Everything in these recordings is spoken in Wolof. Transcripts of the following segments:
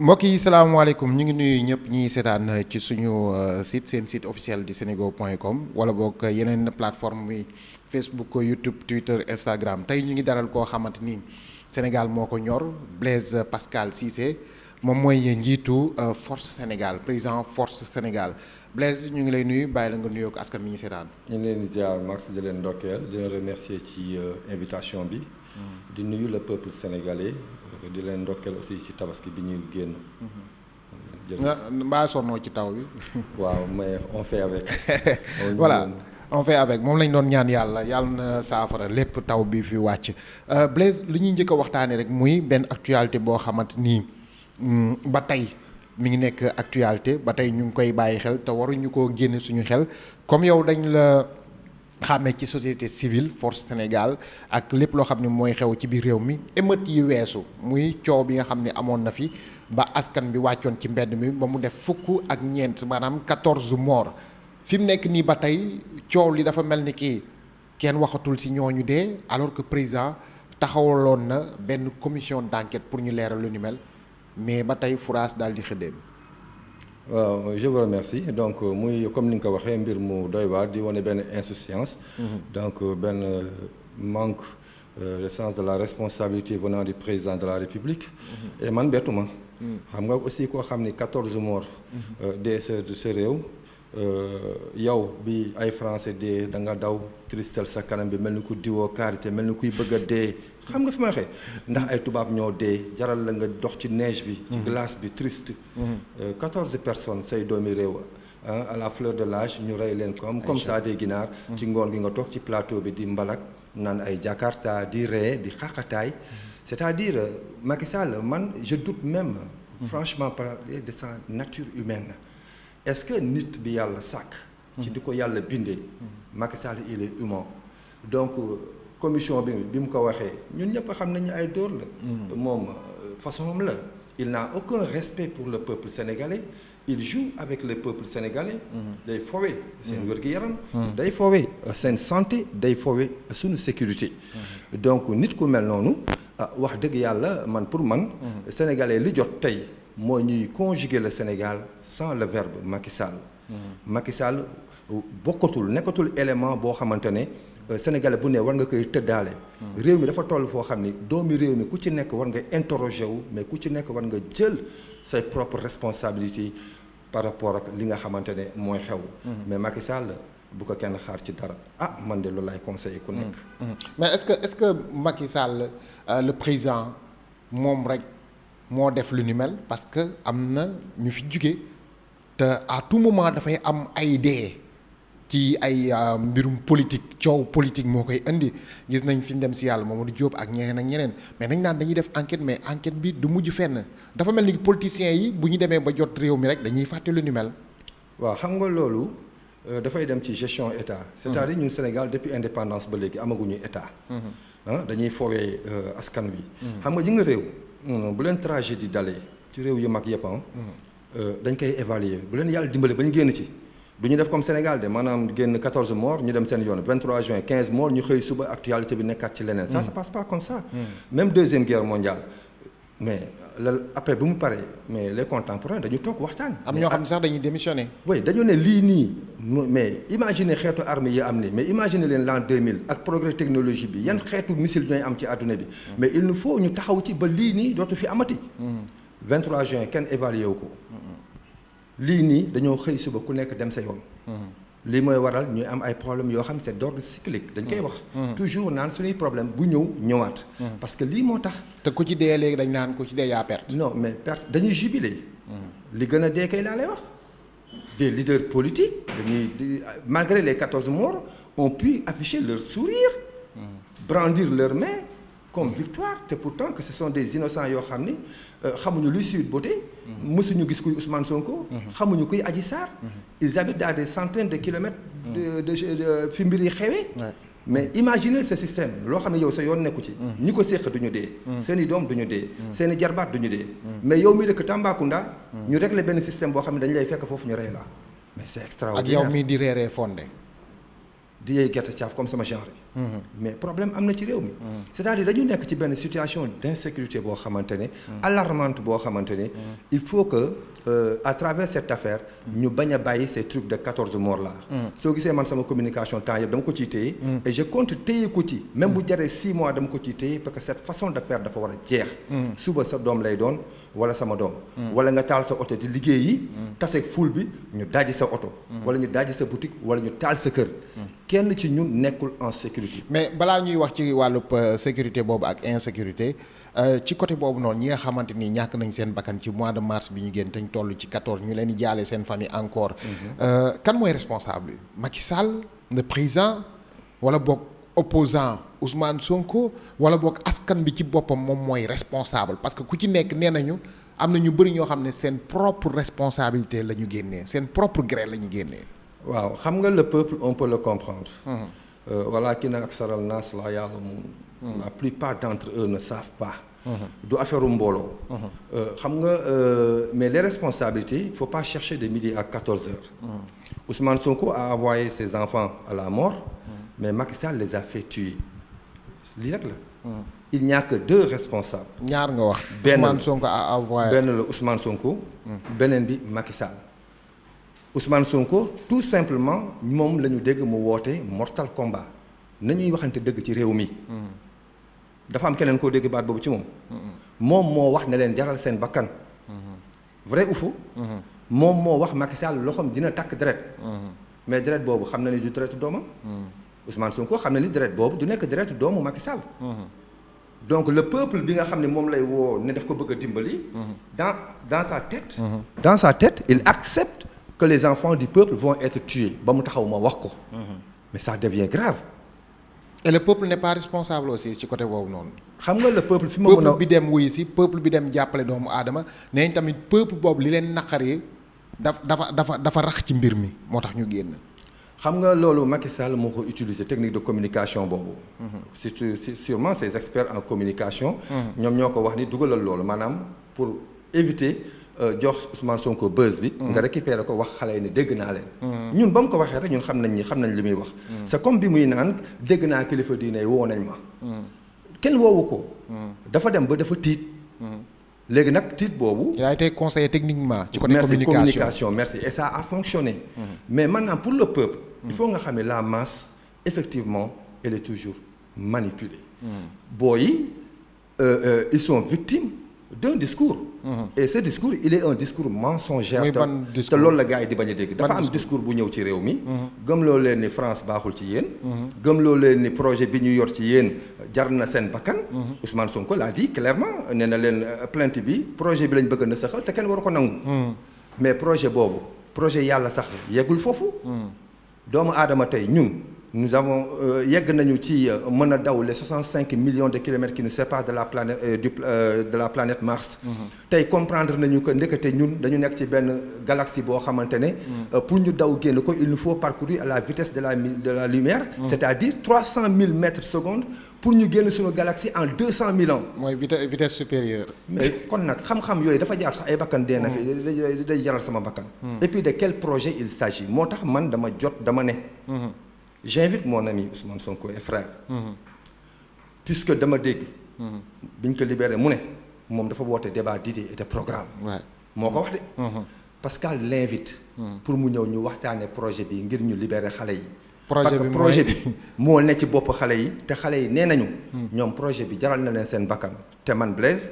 mbokk yi salaamaaleykum ñu ngi nuyu ñëpp ñiy seetaan ci suñu euh, site seen site officiel di senego point com wala boog yeneen plateforme yi Facebook YouTube Twitter Instagram tey ñu ngi daral koo xamante ni Sénégal moo ko ñor Blaise Pascal Cissé moom mooy njiitu euh, Force Sénégal président Force Sénégal Blaise ñu ngi lay nuyu bàyyi la nga nuyoo ko askan mi ñu seetaan. ñu ngi leen di ziar Max di leen ndokkeel di leen remercier ci euh, invitation bi. Mm. di nuyu le peuple sénégalais. di leen ndokkeel aussi ci tabaski bi ñuy génn. Mm-hmm. mbaa sonnoo ci taw bi. waaw mais on fait avec. voilà on avec moom lañ doon ñaan yàlla yàlla na saafara lépp taw bi fi wàcc euh, Blaise lu ñuy njëkk a waxtaanee rek muy benn actualité boo xamante nii mm, ba tey mu ngi nekk actualité ba tey ñu ngi koy bàyyi xel te waruñu koo génne suñu xel comme yow dañ la. xàmmee ci société civile force Sénégal ak lépp loo xam ne mooy xew ci biir réew mi émeutes yi weesu muy coow bi nga xam ne amoon na fi ba askan bi wàccoon ci mbedd mi ba mu def fukk ak ñeent maanaam quatorze morts fi mu nekk nii ba tey coow li dafa mel ni kii kenn waxatul si ñooñu dee alors que président taxawaloon na benn commission d'enquête pour ñu leeral lu ni mel mais ba tey furaas daal di xëddéem waaw je vous remercie donc euh, muy comme ni nga ko waxee mbir mu doy waar di wane benn insouciance. Mhm. donc euh, benn euh, manque de sens de la responsabilité venant du président de la République. Mhm. et man bettuma. Mhm. xam nga aussi koo xam ni 14 morts. de sa sa réew. Euh, yow bi ay français dee da nga daw cristal sa kanam bi mel ni ku diwoo karité mel ni kuy bëgg a dee xam nga fi ma waxee ndax ay tubaab ñoo dee jaral la nga dox ci neige bi ci mhm. glace bi triste mhm. euh, quatorze personnes say doomi réew à la fleur de lage ñu rey leen comme comme ça des ginaar mhm. ci ngoon gi nga toog ci plateau bi di mbalak naan ay jakarta di ree di xaqataay c'est-à-dire euh, Macky Sall man je doute même franchement par de sa nature humaine est-ce que nit bi yàlla sàkk. ci hmm. di ko yàlla bindee. Hmm. Macky Sall il est donc euh, commission bi bi mu ko waxee ñun ñëpp xam nañu ay dóor la. Hmm. moom euh, façon la. il n'a aucun respect pour le peuple sénégalais il joue avec le peuple sénégalais day fowe seen wér-gu-yaram day fowe euh, seen santé day fowe suñu sécurité donc nit ku mel noonu ah, wax dëgg yàlla man pour man sénégalais li jot tey moo ñuy conjuguer le Sénégal sans le verbe Macky Sall. Mm-hmm. Macky Sall euh, bokkatul nekkatul élément boo xamante ne euh, sénégalais bu ne war nga koy tëddaale. Mm-hmm. réew mi dafa toll foo xam ni doomi réew mi ku ci nekk war nga interroger wu mais ku ci nekk war nga jël say propres responsabilités par rapport ak li nga xamante ne mooy xew. Mm-hmm. mais Macky Sall bu ko kenn xaar ci dara ah man de loolu laay conseillé ku nekk. mais est que est-ce que Macky Sall euh, le moom rek. moo def lu ni mel parce que am na ñu fi jóge te à tout moment dafay am ay dee ci ay euh, mbirum politique coow politique moo koy indi gis nañ fi ñu dem si yàlla moom du Diop ak ñeneen ak ñeneen mais nañ naan dañuy def enquête mais enquête bi du mujj fenn dafa mel ni politiciens yi bu ñu demee ba jot réew mi rek dañuy fàtte lu ni mel. waaw xam nga loolu euh, dafay dem ci gestion état. c'est-à-dire mmh. Sénégal depuis indépendance ba léegi amaguñu état. Mmh. Ah, dañuy foowee euh, askan wi. Mmh. xam nga ji nga réew. non non bu leen tragédie dalee ci réew yu mag yëpp ah. hmm. euh, dañ koy évaluer bu leen yàlla dimbale ba ñu génn ci du ñu def comme Sénégal de maanaam génn 14 morts ñu dem seen yoon 23 juin 15 morts ñu xëy suba actualité bi nekkat ci leneen. ça hmm. se passe pas comme ça. Hmm. même deuxième guerre mondiale. mais la après bu mu paree mais les contemporains dañu toog waxtaan. am ñoo xam ne sax dañuy démissionné. oui dañu ne lii nii mais imagine xeetu arme yi am ni mais imagine leen l'an 2000 ak progrès technologie bi yan xeetu missile ñooy am ci àdduna bi. Mm. mais il nous faut ñu taxaw ci ba lii nii dootu fi amati. 23 mm. juin kenn évalué wu ko. Mm. lii nii dañoo xëy suba ku nekk dem sa yoon. lii mooy waral ñuy am ay problèmes yoo xam ne c'est d'ordre cyclique dañ koy mm. wax mm. toujours naan suñuy problème bu ñëw ñëwaat mm. parce que lii moo tax te ku ci dee léegi dañ naan ku ci dee yaa perte non mais perte dañuy jubilé li gën a dee kay laa wax des leaders politiques dañuy malgré les quatorze morts on pu afficher leur sourire brandir leur mains comme victoire te pourtant que ce sont des innocents yoo xam ni euh, xamuñu luy suite beauté mësuñu gis kuy Ousmane Sonko. Mhm. xamuñu kuy Adji Sarr. Mhm. ils habitent à des centaines de kilomètres. Mhm. de de fi mbir yi xewee. mais imagine ce système loo xam ne yow sa yoon nekku ci. ñi ko séq du dee. seen i doom du ñu dee. seen jarbaat du ñu dee. mais yow mi dëkk Tambacounda. ñu réglé benn système boo xam ne dañ lay fekk foofu ñu rey la mais c'est extraordinaire ak yow mii di reere fondé. di yey gerte caaf comme sama genre bi. Mm-hmm. mais problème am na ci réew mi. Mm-hmm. c'est-à-dire dañu nekk ci benn situation d'insécurité boo xamante ne. Mm-hmm. alarmante boo xamante ne. il faut que euh, à travers cette affaire. ñu bañ a bàyyi ces trucs de quatorze morts là. soo gisee man sama communication temps yëpp dama ko ciy téye. et je compte téye ko ci. même bu jaree six mois dama ko ci téye parce que cette façon de faire dafa war a jeex. suba sa doom lay doon wala sama doom. wala nga taal sa oto di liggéeyi. taseeg ful bi ñu daaji sa oto. wala ñu daaji sa boutique wala ñu taal sa kër. mais balaa ñuy wax ci wàllub euh, sécurité boobu ak insécurité euh, ci côté boobu noonu ñi nga xamante ni ñàkk nañ seen bakkan ci mois de mars bi ñu génn te ñu toll ci 14 ñu leen di jaale seen famille encore. Mm-hmm. Euh, kan mooy responsable bi Macky Sall le président wala boog opposant Ousmane Sonko wala boog askan bi ci boppam moom mooy responsable parce que ku ci nekk nee nañu. am na ñu bëri ñoo xam ne seen propre responsabilité la ñu génnee seen propre gré la ñu génnee. waaw xam nga le on peut le Euh, walakin aksaral naas laa ya'lamuun hmm. la plupart d'entre eux ne savent pas hmm. du affaire mbooloo hmm. euh, xam nga euh, mais les responsabilités il faut pas chercher de midi à quatorze heures mmh. Ousmane Sonko a envoyé ses enfants à la mort mais Macky Sall les a fait tuer lii rek la il n'y a que deux responsables ñaar nga wax benn Ousmane Sonko a envoyé benn la Ousmane Sonko beneen bi Macky Ousmane Sonko tout simplement moom lañu dégg mu woote mortal combat nañuy waxante dëgg ci réew mi. dafa am keneen koo dégg baat boobu ci moom. moom moo wax ne leen jaral seen bakkan. vrai ou faux. moom moo wax Macky Sall loxoom dina takk deret. mais deret boobu xam na ni du deretu doomam. Ousmane Sonko xam ne ni deret boobu du nekk deretu doomu Macky Sall. donc le peuple bi nga xam ne moom lay woo ne def ko bëgg a dimbali. dans tête. dans tête il accepte que les enfants du peuple vont être tués ba mu taxaw ma wax ko. mais ça devient grave. et le peuple n'est pas responsable aussi ci côté boobu noonu. xam nga le peuple fi ma mën a bi dem wuyu si peuple bi dem jàppale doomu aadama nee tamit peuple boobu li leen naqar naqaree daf dafa dafa dafa rax ci mbir mi moo tax ñu génn. xam nga loolu Macky Sall moo ko utiliser technique de communication boobu. surtout sûrement ces experts en communication. ñoom ñoo ko wax ni dugalal loolu maanaam pour éviter. Euh, jox Ousmane Sonko buzz bi. Mm. nga récupéré ko wax xale yi ne dégg naa leen. Mm. ñun ba mu ko waxee rek ñun xam nañ ñi xam nañ li muy wax. Mm. c'est comme bi muy naan dégg naa kilifa diine woo nañ ma. kenn woowu ko. dafa dem ba dafa tiit. léegi nag tiit boobu. il a été conseillé techniquement. ci côté communication merci communication merci et ça a fonctionné. Mmh. mais maintenant pour le peuple. il faut nga xam ne la masse effectivement elle est toujours manipulée. booy yi euh, euh, ils sont d'un discours. Mhm. et ce discours il est un discours mensongère. te loolu la gaa yi di bañ a dégg. dafa am discours bu ñëw ci réew mi. Mhm. gëm loo leen ni France baaxul ci yéen. Mhm. gëm loo leen ni projet bi ñu yor ci yéen jar na seen bakkan. Ousmane Sonko l'a dit clairement nee na leen euh, plainte bi projet bi lañ bëgg na saxal te kenn waru ko nangu. mais projet boobu projet yàlla sax yeggul foofu. doomu aadama tey ñun. nous avons euh, yegg nañu ci euh, mën a daw les soixante cinq millions de kilomètres qui nous séparent de la planète euh, du euh, de la planète Mars. Mm-hmm. tey mmh. comprendre nañu que ndekete ñun dañu nekk ci benn galaxie boo xamante ne. Mm-hmm. Euh, pour ñu daw génn ko il nous faut parcourir la vitesse de la de la lumière. Mmh. c'est-à-dire trois cent mille mètres seconde pour ñu génn suñu galaxie en deux cent mille ans. mooy vitesse vitesse supérieure. mais kon nag xam-xam yooyu dafa jaar sax ay bakkan dee na fi. Mm-hmm. day jaral sama bakkan. et puis de moo tax man dama jot dama j'invite moo nami Ousmane Sonko et frère. Mhm. puisque dama dégg. Mhm. biñ ko libéré mu ne moom dafa woote débat d'idées et de programme. moo ko wax de. Mhm. Pascal l'invite pour mu ñëw ñu waxtaanee projet bi ngir ñu libérer xale yi. parce projet bi moo ne ci bopp xale yi te xale yi nee nañu. ñoom projet bi jaral na leen seen bakkan. te man Blaise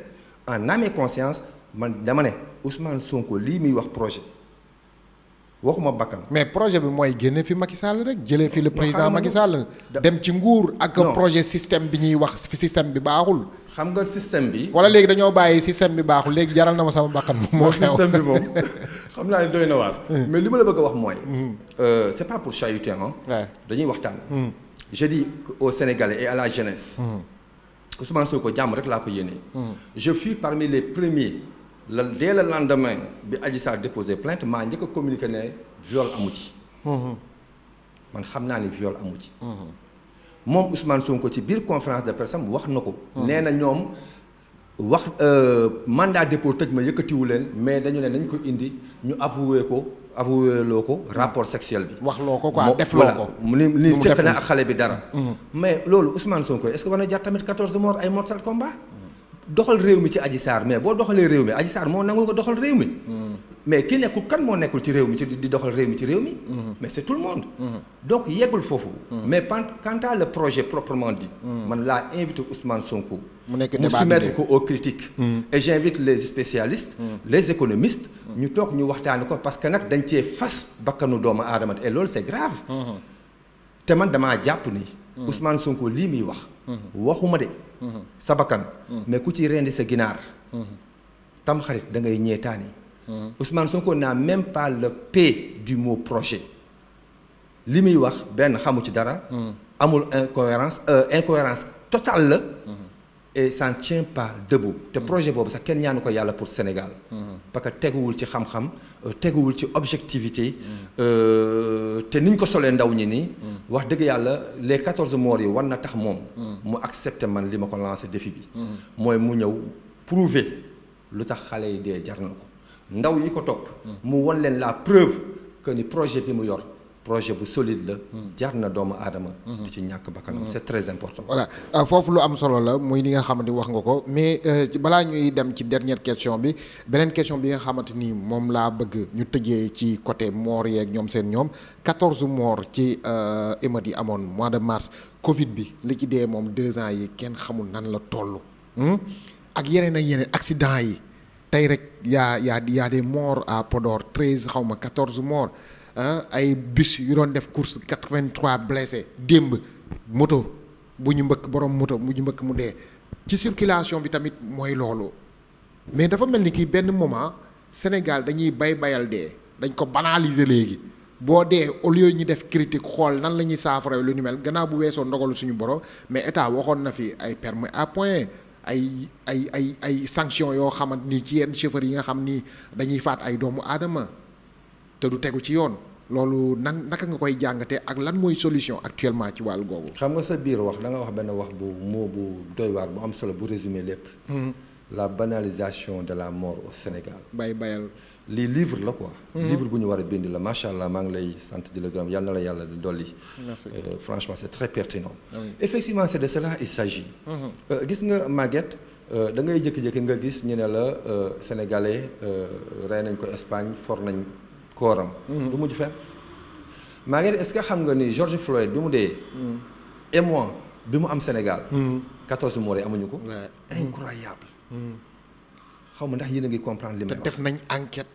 en âme et conscience man dama ne Ousmane Sonko lii muy wax projet. waxuma bakkan. mais projet bi mooy génne fi Macky Sall rek jëlee fi le président Macky Sall dem ci nguur ak projet système bi ñuy wax fi système bi baaxul. xam nga système bi. wala léegi dañoo bàyyi système bi baaxul léegi jaral na ma sama bakkan. moo xew système bi xam naa ne doy na waar. Hmm. mais li ma la bëgg a wax mooy. Hmm. Euh, c' est pas pour chahuter ah. dañuy waxtaan. Hmm. je dis aux Sénégalais et à la jeunesse. Ousmane Sonko jàmm rek laa ko yéene. je fus parmi les premiers. lan dès le lendemain bi Adji Sarr déposé plainte maa njëkk a communiqué ne viol amu ci. man xam naa ni viol amu ci. moom Ousmane ko ci biir conférence de presse am wax na ko. nee na ñoom wax euh, mandat dépôt tëj ma yëkkatiwu leen mais dañu ne nañ ko indi ñu avoué ko avoué loo ko rapport sexuel bi. wax loo ko quoi def loo ko ni ni seq na ak xale bi dara. Mm-hmm. mais doxal réew mi ci Adji saar mais boo doxalee réew mi Adji Sarr moo nangu ko doxal réew mi. Hmm. mais ki nekkul kan moo nekkul ci réew mi ci di doxal réew mi ci réew mi. Hmm. mais c'est tout le monde. Hmm. donc yeggul foofu. mais quant à le projet proprement dit. man laa invité Ousmane Sonko. mu nekk débat mu soumettre ko aux critiques. et j'invite les spécialistes. les économistes. ñu toog ñu waxtaani ko parce que nag dañ cee fas bakkanu doomu aadama et loolu c'est grave. te man damaa jàpp ni. Ousmane Sonko lii muy wax. waxuma de. sa bakkan mais ku ci rendi sa ginaar tam xarit da ngay ñeetaani Ousmane Sonko n'a même pas la P du mot projet li muy wax benn xamu ci dara amul incohérence euh, incohérence totale la et ça cin tient pas debout te mm. projet boobu sax kenn ñaanu ko yàlla pour Sénégal mm-hmm. parce que teguwul ci xam-xam euh, teguwul ci objectivité mm. euh, te niñ ko solee ndaw ñi nii mm. wax dëgg yàlla les quatorze morts yi war na tax moom mu accepté man li ma ko lancé défi bi mm-hmm. mooy mu ñëw prouver lu tax xale yi dee jar na ko ndaw yi ko topp mu won leen la preuve que ni projet bi mu yor projet bu solide la. Hmm. jar na doomu aadama. Hmm. di ci ñàkk bakkanam hmm. c'est très important. voilà euh, foofu lu am solo la muy li nga xamante wax nga ko mais euh, balaa ñuy dem ci dernière question bi beneen question bi nga xamante ni moom laa bëgg ñu tëjee ci côté moor yeeg ñoom seen ñoom 14 morts ci euh, émeutes yi amoon mois de mars Covid bi li ci dee moom deux ans yi kenn xamul nan la toll. ak yeneen ak yeneen accident yi tey rek yaa yaa yaa des morts à Podor 13 xaw ma 14 morts. ay bis yu doon def course 83 blessés démb moto bu ñu mbëkk borom moto bu mbëkk mu dee ci circulation bi tamit mooy loolu mais dafa mel ni kii benn moment Sénégal dañuy bay bayal dee dañ ko banaliser léegi boo dee au lieu ñu def critique xool nan la ñuy saafara lu ni mel gannaaw bu weesoo ndogalu suñu borom mais état waxoon na fi ay permis à point ay ay ay ay sanctions yoo xamante ni ci yenn chauffeurs yi nga xam ni dañuy faat ay doomu aadama te du tegu ci yoon loolu nan naka nga koy jàngatee ak lan mooy solution actuellement ci wàllu googu. xam nga sa biir wax da nga wax benn wax bu moo bu doy waar bu am solo bu résumé lépp. Hmm. la banalisation de la mort au Sénégal. bay bayal lii livre la quoi. Hmm. livre bu ñu war a bind la macha allah maa ngi lay sant di la gërëm yàlla na yàlla di dolli. Euh, franchement c'est très pertinent. Ah effectivement c'est de cela il s'agit. Hmm. Euh, gis nga Maguette euh, da ngay jékki nga gis ñu ne la sénégalais rey nañ ko Espagne for nañ. kooram. Mhm. du mujj fenn. Maguette est-ce que xam nga ni George Floyd bi mu dee. émoi mhm. bi mu am Sénégal. 14 mhm. morts amuñu ko. incroyable. xaw ma ndax yéen a ngi comprendre li may wax. def nañ enquête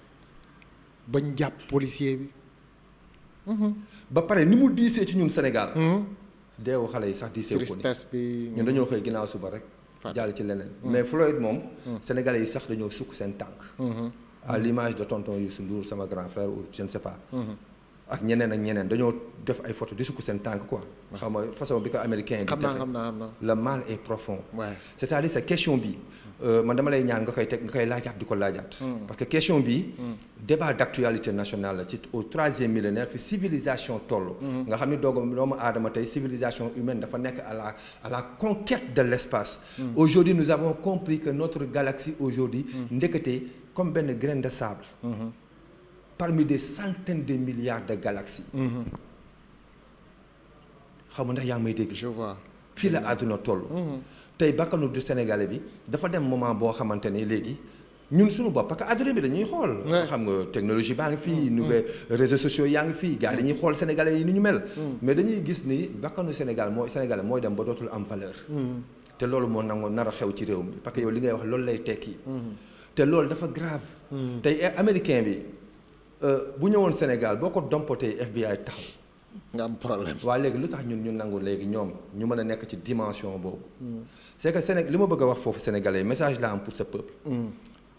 bañ jàpp policier bi. ba pare ni mu diisee ci ñun Sénégal. deewu xale yi sax diisee ko ni ñun dañoo xëy ginnaaw suba rek. jàll ci leneen mais Floyd moom. Sénégalais yi sax dañoo sukk seen tànk. à l'image de tonton Youssou Ndour sama grand frère ou je ne sais pas. Mm-hmm. ak ñeneen ak ñeneen dañoo def ay photo di sukk seen tànk quoi. xam nga façon ko américain di defee le mal est profond. c'est-à-dire bi. Euh, man dama lay ñaan koy teg nga koy laajaat di ko laajaat. Mm. parce que question bi. Mm. débat d'actualité nationale la ci au troisième toll. Mm-hmm. nga xam ni doogam doomu aadama tey civilisation humaine dafa nekk a la à la conquête de l'espace. Mm. aujourd'hui nous avons compris que notre galaxie aujourd'hui ndekete. comme benn grain de sable. parmi des centaines de milliards de galaxies. xam nga ndax yaa ngi may dégg. je fii la àdduna toll. tey bakkanu du Sénégalais bi dafa dem moment boo xamante ne léegi. ñun suñu bopp parce que adduna bi dañuy xool. xam nga technologie baa ngi fii. Mm-hmm. nouvelle mm-hmm. réseaux sociaux yaa ngi fii. gars dañuy xool sénégalais yi ni ñu mel. Mm-hmm. mais dañuy gis ni bakkanu Sénégal mooy Sénégal mooy dem ba dootul am valeur. te loolu moo nangoo nar xew ci réew mi parce yow li ngay wax loolu lay tekki. te loolu dafa grave. Hmm. tey eh, américain bi euh, bu ñëwoon Sénégal boo ko dompotee FBI taxaw. nga am problème waa léegi lu tax ñun ñu nangu léegi ñoom ñu mën a nekk ci dimension boobu. Hmm. c'est que Séné li ma bëgg a wax foofu sénégalais message la am pour ce peuple. Hmm.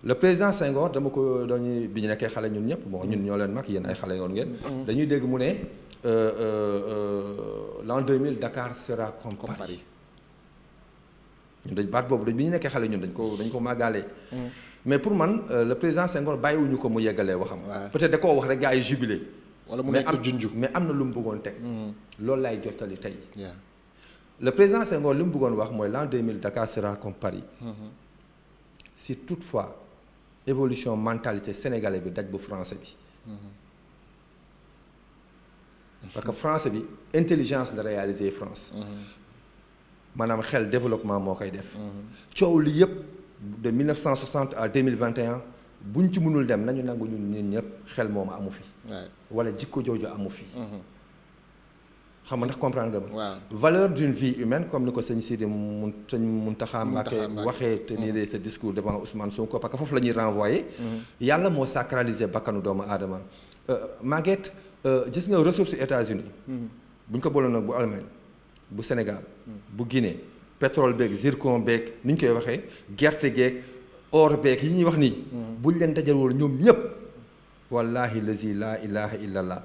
le président Senghor dama ko dañuy bi ñu nekkee xale ñun ñëpp bon ñun ñoo leen mag yéen ay xale yoon ngeen. dañuy dégg mu ne euh, euh, l'an mille Dakar sera comme Paris. ñun dañ baat boobu dañ bi ñu nekkee xale ñun dañ ko dañ ko màggalee. mais pour man euh, le président Senghor bàyyiwuñu ko mu yeggalee waxam. peut-être da koo wax rek gars yi jubilé. wala mu nekk junj mais am na lu mu bëggoon teg. Mm. loolu laay jottali tey. le président Senghor li mu bëggoon wax mooy l'an 2000 Dakar sera comme Paris. Mm-hmm. si fois évolution mentalité sénégalais bi daj bu français bi. Mm-hmm. parce que français bi intelligence la réaliser France. Mm-hmm. maanaam xel développement moo koy def. coow lii yëpp. de 1960 à 2021 buñ ci mënul dem nañu nangu ñun ñun ñëpp xel moom amu fi. wala jikko jooju amu fi. Mm-hmm. xam nga ndax comprendre nga ma. valeur d'une vie humaine comme ni ko sëñ Sidi mun sëñ Mountakha Mbacké waxee tenir ce mm-hmm. discours devant Ousmane Sonko parce que foofu la ñuy renvoyer. Mm-hmm. yàlla moo sacralisé bakkanu doomu aadama. Euh, Maguette euh, gis nga ressources États-Unis buñ ko booloon nag bu Allemagne bu Sénégal bu Guinée. pétrole beeg zircon beeg ni ñu koy waxee gerte geeg or beeg yi ñuy wax nii. buñ leen dajaloo ñoom ñëpp. wallahi lazi laa ilaha illallah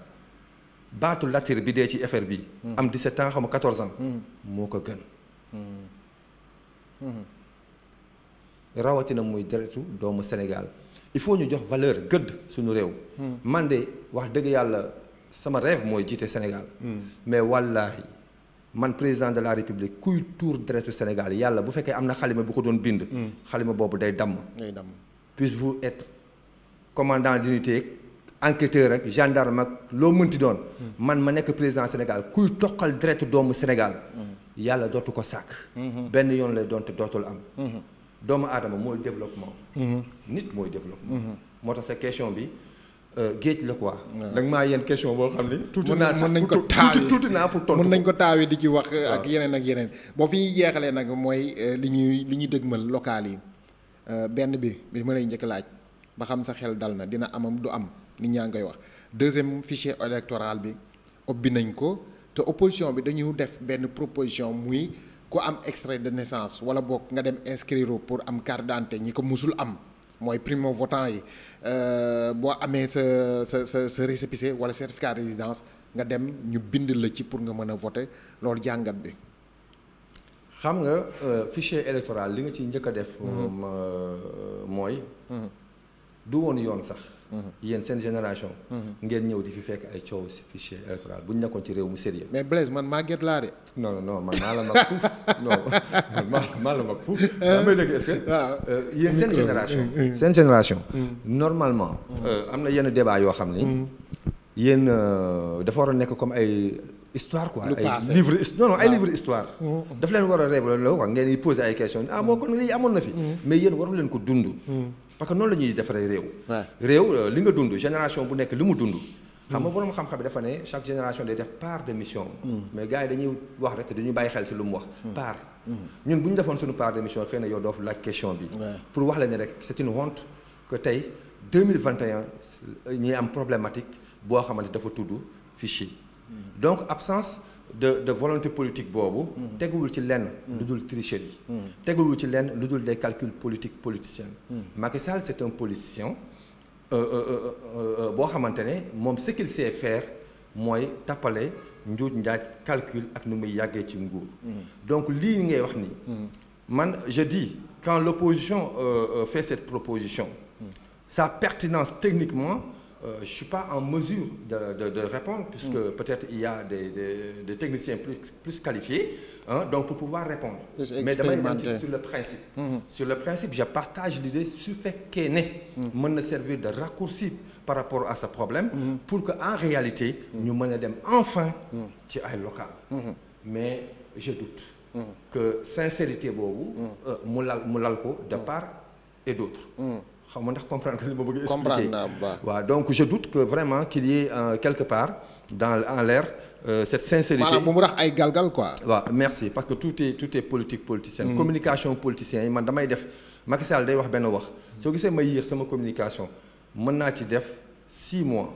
baatu latir bi dee ci affaire bi. Hmm. am 17 ans xam nga 14 ans. Hmm. moo ko gën. Hmm. rawatina muy deretu doomu Sénégal il faut ñu jox valeur gëdd suñu réew. man de wax dëgg yàlla sama rêve mooy jiite Sénégal. mais wallahi man président de la république kuy tuur deretu Sénégal yàlla bu fekkee am na xalima bu ko doon bind. Hmm. xalima boobu day damm. day damm puisse-vous être commandant d'unité enquêteur ak gendarme ak loo mënti doon. Hmm. man ma nekk président Sénégal kuy toqal deretu doomu Sénégal. Hmm. yàlla dootu ko sàkk. benn yoon lay doon te dootul am. doomu aadama mooy développement. nit mooy développement. moo tax sa question bi. Euh, géej la quoi. da nga maa yéen question boo xam ne. tuuti naa mën nañ ko taawi tuuti naa pour tontu mën nañ ko taawi di ci wax. ak yeneen ak yeneen boo fi jeexalee nag mooy euh, li ñuy li ñuy dëgmal local yi euh, benn bi bi ma lay njëkk laaj ba xam sa xel dal na dina amam du am nit ñaa ngi koy wax. deuxième fichier électoral bi ubbi nañ ko te opposition bi dañu def benn proposition muy ku am extrait de naissance wala boog nga dem inscrire pour am carte d'identité ñi ko musul am. mooy primo votant yi euh, boo amee sa sa sa sa wala certificat résidence nga dem ñu bind la ci pour nga mën a voter loolu jàngat bi. xam nga euh, fichier électoral li nga ciy njëkk a def. Mhm. Euh, mooy. Mhm. du woon yoon sax. Mhm. yéen seen génération. Mhm. ngeen ñëw di fi fekk ay coow si fichier électoral bu ñu nekkoon ci réew mu sérieux mais Blaise man màgget laa de. non non man maa la mag fuuf non man maa la mag fuuf. daa may ah. euh, mm, mm, mm. normalement. Euh, am na yenn débat yoo xam ni. yéen euh, dafa war a nekk comme ay. histoire quoi ay livre non non ay ah. histoire daf leen war a réew la quoi ngeen di poser ay questions ah moo kon lii amoon na fi mais yéen waru leen ko dund parce que noonu la ñuy defaree réew. réew euh, li nga dund génération bu nekk li mu dund. xam nga borom xam-xam bi dafa ne chaque génération de def part de mission. Mm. mais gars yi dañuy wax rek te dañuy bàyyi xel si lu mu wax. Mm. part mm. ñun bu ñu defoon suñu part de mission xëy na yow doofu laaj question bi. pour wax la ne rek c' est une honte que tey 2021 euh, ñuy am problématique boo xamante dafa tudd fichier. Mm-hmm. donc absence de de volonté politique boobu. Mm-hmm. teguwul ci lenn. lu dul mm-hmm. yi teguwul ci lenn lu dul de calculs politique politiciens. Macky Sall c'est un politicien euh, euh, euh, boo xamante ne moom ce qu'il sait faire mooy tappale njuuj njaaj calcul ak nu muy yàggee ci nguur. donc lii ngay wax nii. man je dis quand l'opposition euh, fait cette proposition. sa pertinence techniquement. Euh, je ne suis pas en mesure de, de, de répondre, puisque mm. peut-être il y a des, des, des techniciens plus, qualifiés, donc pour pouvoir répondre. Mais demain, sur le principe. Mmh. Sur le principe, je partage l'idée sur fait qu'Aîné mmh. m'a servir de raccourci par rapport à ce problème, mm-hmm. pour qu'en réalité, nous mm. menons enfin mm. ci ay local. Mm-hmm. Mais je doute que sincérité boobu. Euh, mu lal mu lal ko de part et d'autre. xaw ma ndax comprendre que li ma bëgg expliquer comprendre naa donc je que vraiment qu'il y ait euh, quelque part dans en l'air euh, cette sincérité maanaam bu mu rax ay galgal quoi. waa merci parce que tout est politique politicienne. Mmh. communication politiciens yi man damay def Macky Sall day wax benn wax. soo gisee ma yéex sama communication mën naa ci def six mois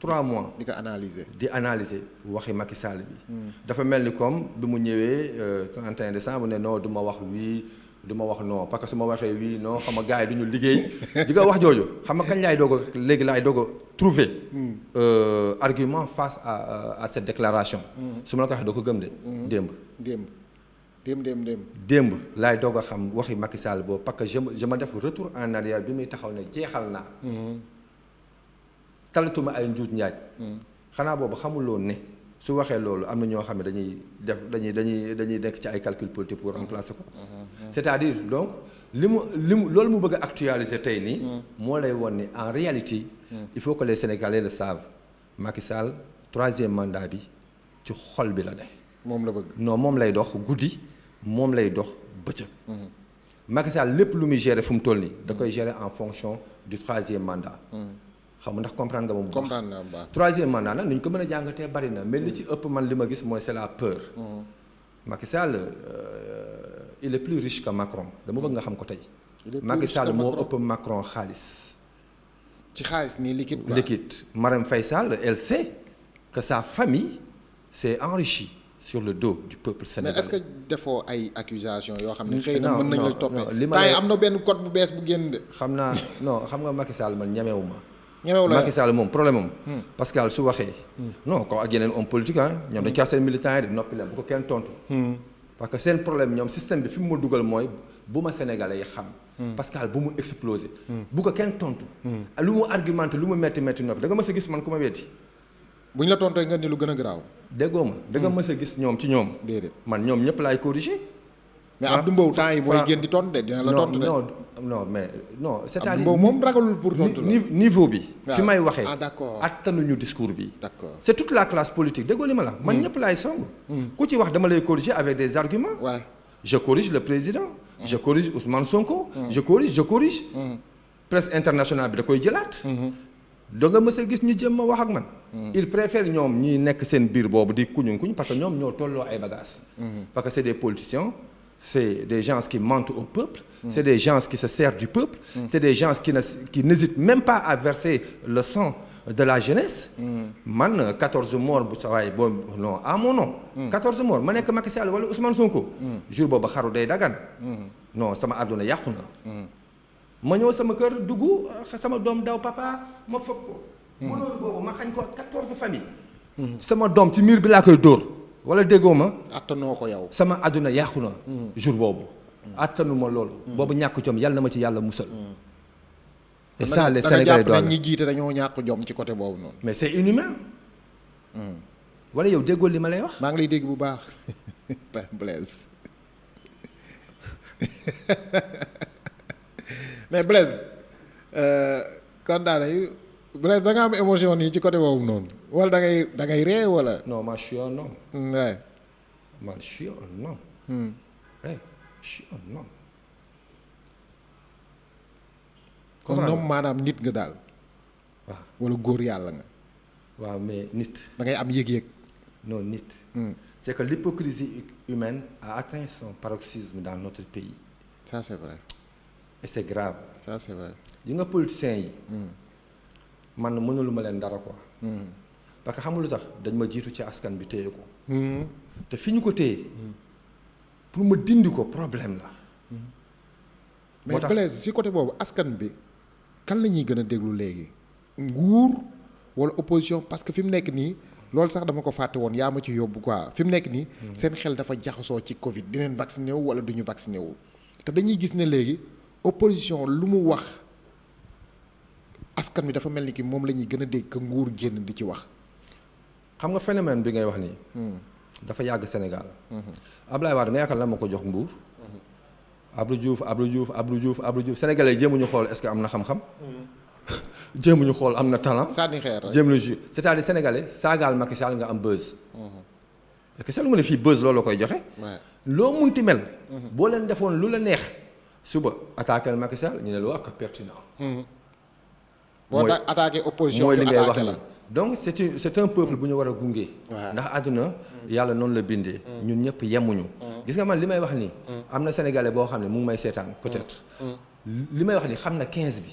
trois mois. di ko analyser di analyser waxi Macky Sall bi. Hmm. dafa mel ni comme bi mu ñëwee 31 euh, décembre ne non du wax wii. du ma wax non parce que su ma waxee wii non xam nga yi du ñu liggéey ji nga wax jooju xam nga kañ laay a léegi laay doog a trouver hmm. euh, argument face à euh, à déclaration. Hmm. su ma la ko waxee doo ko gëm de. Hmm. démb démb. démb démb démb. laay doog a xam waxi Macky Sall boobu parce que je ma je ma def retour en arrière bi muy taxaw ne jeexal naa. talatuma ay njuut njaaj. xanaa boobu xamuloo ne. su waxee loolu am na ñoo xam ne dañuy def dañuy dañuy dañuy nekk ci ay calcul politique pour remplacer ko. Mm-hmm, mm-hmm. c'est-à-dire donc li mu li mu loolu mu bëgg a actualiser tey nii. Mm. moo lay won ni en réalité. Mm. il faut que les Sénégalais le savent Macky Sall troisième mandat bi ci xol bi la ne. moom la bëgg moom lay dox guddi moom lay dox bëccëg. Mm-hmm. Macky Sall lépp lu muy gere fu mu toll nii. da mm. koy gérer en fonction du troisième mandat. xaw ma ndax comprendre nga moom bu baax comprendre naa bu ni ñu ko mën a jàngatee bari na mais li ci ëpp man li ma gis mooy c'est la peur. Mm-hmm. Macky Sall euh, il est plus riche que Macron dama bëgg nga xam ko tey. Macky Sall moo ëpp Macron xaalis. ci xaalis nii liquide quoi liquide Marème Faye Sall elle sait que sa famille s'est enrichie sur le dos du peuple sénégalais. mais est que defoo ay accusations yoo xam ne. xëy na mën nañ la toppee li ma am na benn code bu bees bu génn de. xam naa non xam Sall man ñemewu ma. ñemewu la moom problème am. Hmm. Pascal su waxee. Hmm. non ko ak yeneen homme politique ah ñoom dañu caa seen militant yi di noppi leen bu ko kenn tontu. Hmm. parce que seen problème ñoom système bi fi mu ma dugal mooy bu ma sénégalais yi xam. Pascal bu mu explosé. bu ko kenn tontu. Ah, lu mu argumenté lu mu metti metti noppi da nga mës a gis man ku ma weeti. bu ñu la tontee nga ni lu gën a garaaw. déggoo ma da nga mës a gis ñoom ci ñoom. déedéet man ñoom ñëpp laay corrigé. mais Abdou Mbow temps yi mooy génn di tontu de dina la tontu de. non mais non. à dire Abdou Mbow moom ragalul pour niveau bi. fi may waxee. ah d'accord attanuñu discours bi. d'accord c'est toute la classe politique déggoo li ma la. man hmm. ñëpp laay song. Hmm. ku ci wax dama lay corriger avec des arguments. waaw je corrige le président. Hmm. je corrige Ousmane Sonko. je corrige je corrige. presse internationale bi da koy jëlaat. da nga mës a gis ñu jëm ma wax ak man. il préfère ñoom ñi nekk seen biir boobu di kuñu parce que ñoom ñoo tolloo ay bagages. parce que c'est des c'est des gens qui mentent au peuple, mmh. c'est des gens qui se servent du peuple, mmh. c'est des gens qui, ne, qui même pas à verser le sang de la jeunesse. Mm. man 14 morts bu sa waay boobu non à mon nom. 14 mm. morts ma nekk Macky Sall wala Ousmane Sonko. Mm. jour boobu xaru day dagan. noo sama àdduna yàqu na. ma ñëw sama kër dugg ah, sama doom daw papa ma foog ko. mënoon boobu ma xañ ko 14 familles. sama doom ci miir bi laa koy dóor. wala déggoo ma. attanoo ko yow. sama àdduna yàqu na. Mm. jour boobu. Mm. attanu ma loolu. Mm. boobu ñàkk jom yàlla na ma ci yàlla musal. et ça les Sénégalais doivent ñi jiite dañoo ñàkk jom ci côté boobu noonu. mais c'est inhumain. wala yow déggoo li ma lay wax. maa ngi lay dégg bu baax. Blaise mais Blaise kontaan euh, nañu. Blaise da nga am émotion nii ci côté boobu noonu wala dangay ngay da ngay ree wala. non man je suis un kon homme maanaam nit nga hmm. daal. waaw wala góor yàlla nga. waaw mais nit. da ngay am yëg-yëg. non nit. c'est que l'hypocrisie humaine a ah, atteint son paroxysme dans notre pays. ça c'est vrai. et c'est grave. ça c'est vrai. yi nga politiciens yi. man mënuluma leen dara ko hmm. parce que xam nga dañ ma jiitu ci askan bi téye ko. Hmm. te fi ñu ko téye. pour ma dindi ko problème la. Hmm. moo tax mais Blaise si côté boobu askan bi kan la ñuy gën a déglu léegi nguur walla opposition parce que fi mu nekk nii loolu sax dama ko fàtte woon yaa ma ci yóbbu quoi fi mu nekk nii. seen xel dafa jaxasoo ci Covid dinañ vacciné wu walla du ñu vacciné wu. te dañuy gis ne léegi opposition lu mu wax. askan wi dafa mel ni ki moom la ñuy gën a dégg que nguur génn di ci wax. xam nga phénomène bi ngay wax nii. Hmm. dafa yàgg Sénégal. Hmm. Ablaye Wade nga yaakaar lan ma ko jox nguur. Hmm. Abdou Diouf Abdou Diouf Abdou Diouf Abdou Diouf sénégalais ñu xool est-ce que am na xam-xam. jéemuñu xool am na talent. sànni xeer rek jéem c'est-à-dire sénégalais saagaal Macky nga am buzz. parce que seetlu nga ne fii buzz loolu koy joxe. loo munti mel. boo leen defoon lu la neex. suba attaqué Macky Sall ñu ne lu wax boo da attaqué opposition mooy li wax nii donc c' est une c' est un peuple bu ñu war a gunge. ndax àdduna. yàlla noonu la bindee. Mm. ñun ñëpp yemuñu. Mm. gis nga man li may wax nii. Mm. am na sénégalais boo xam ne mu ngi may seetaan peut-être. li may wax nii xam na 15 bi.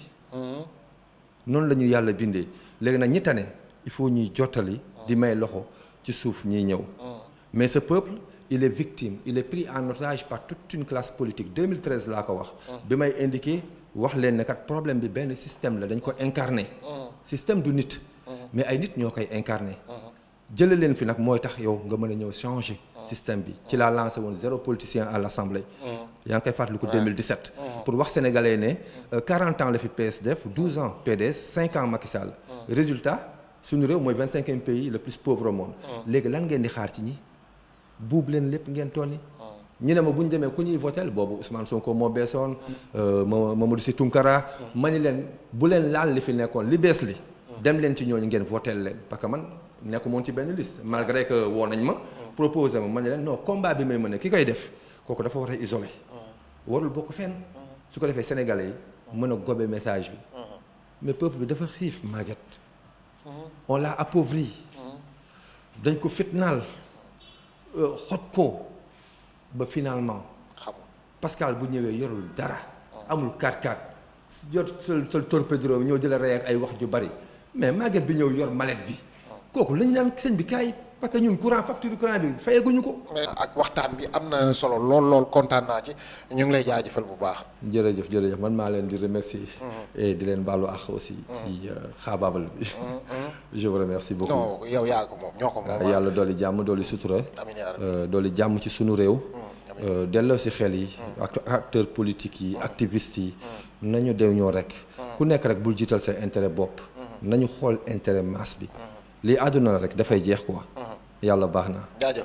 noonu la ñu yàlla bindee léegi nag ñi tane il faut ñuy jottali. di may loxo ci suuf ñuy ñëw. mais ce peuple il est victime il est pris en otage par toute une classe politique 2013 laa ko wax. bi may indiqué. wax leen ne kat problème bi benn système la dañ ko incarné. Uh-huh. système du nit. Uh-huh. mais ay nit ñoo koy incarné. Uh-huh. jële leen fi nag mooy tax yow nga mën a ñëw changer. système bi ci laa lancé woon zéro politicien à l' assemblée. yaa ngi koy fàttaliku 2017. pour wax sénégalais ne 40 euh, ans la fi PS def 12 ans PDS 5 ans Macky Sall. résultat suñu réew mooy 25e pays le plus pauvre au monde. léegi lan ngeen di xaar ci ñi buub leen lépp ngeen toll ñu ne ma bu demee ku ñuy votel boobu Ousmane Sonko moo beesoon euh, Mamadou Sy Tounkara ma ni leen bu leen laal li fi nekkoon li bees li dem leen ci ñooñu ngeen votel leen parce que man nekk moon ci benn liste malgré que woo nañ ma proposé ma ma ne leen no combat bi may mën ne ki koy def kooku dafa war a isolé warul bokk fenn su ko defee sénégalais yi mën a gobe message bi mais peuple bi dafa xiif Maguette on l'a appauvri dañ ko fitnaal euh, xot ko ba finalement. xam Pascal bu ñëwee yorul dara. amul 4-4 yor sol sol torpédro ñëw di la rey ak ay wax ju bari mais màgget bi ñëw yor mallette bi. Ah. kooku lañ naan sëñ bi kaay parce que ñun courant facture courant bi ñu ko. ak waxtaan bi am na solo lool lool kontaan naa ci ñu ngi lay jaajëfal bu baax. jërëjëf jërëjëf man maa leen di remercier. Mm-hmm. et di leen baalu àq aussi. ci mm-hmm. euh, xaabaabal bi. Mm-hmm. je vous remercie beaucoup. non ko moom ñoo ko moom. Ah, yàlla dolli jàmm dolli sutura. amiin euh, dolli jàmm ci suñu réew. Mm, euh, delloo si xel yi. Mm. ak acteurs politiques yi mm. activistes yi. nañu dew ñoo rek. ku nekk rek bul jiital sa intérêt bopp. nañu xool intérêt masse bi. lii àdduna la rek dafay jeex quoi. Mhm. yàlla baax na.